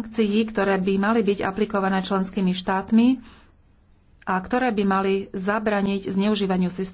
sankcií, ktoré by mali byť aplikované členskými štátmi a ktoré by mali zabraniť zneužívaniu systému.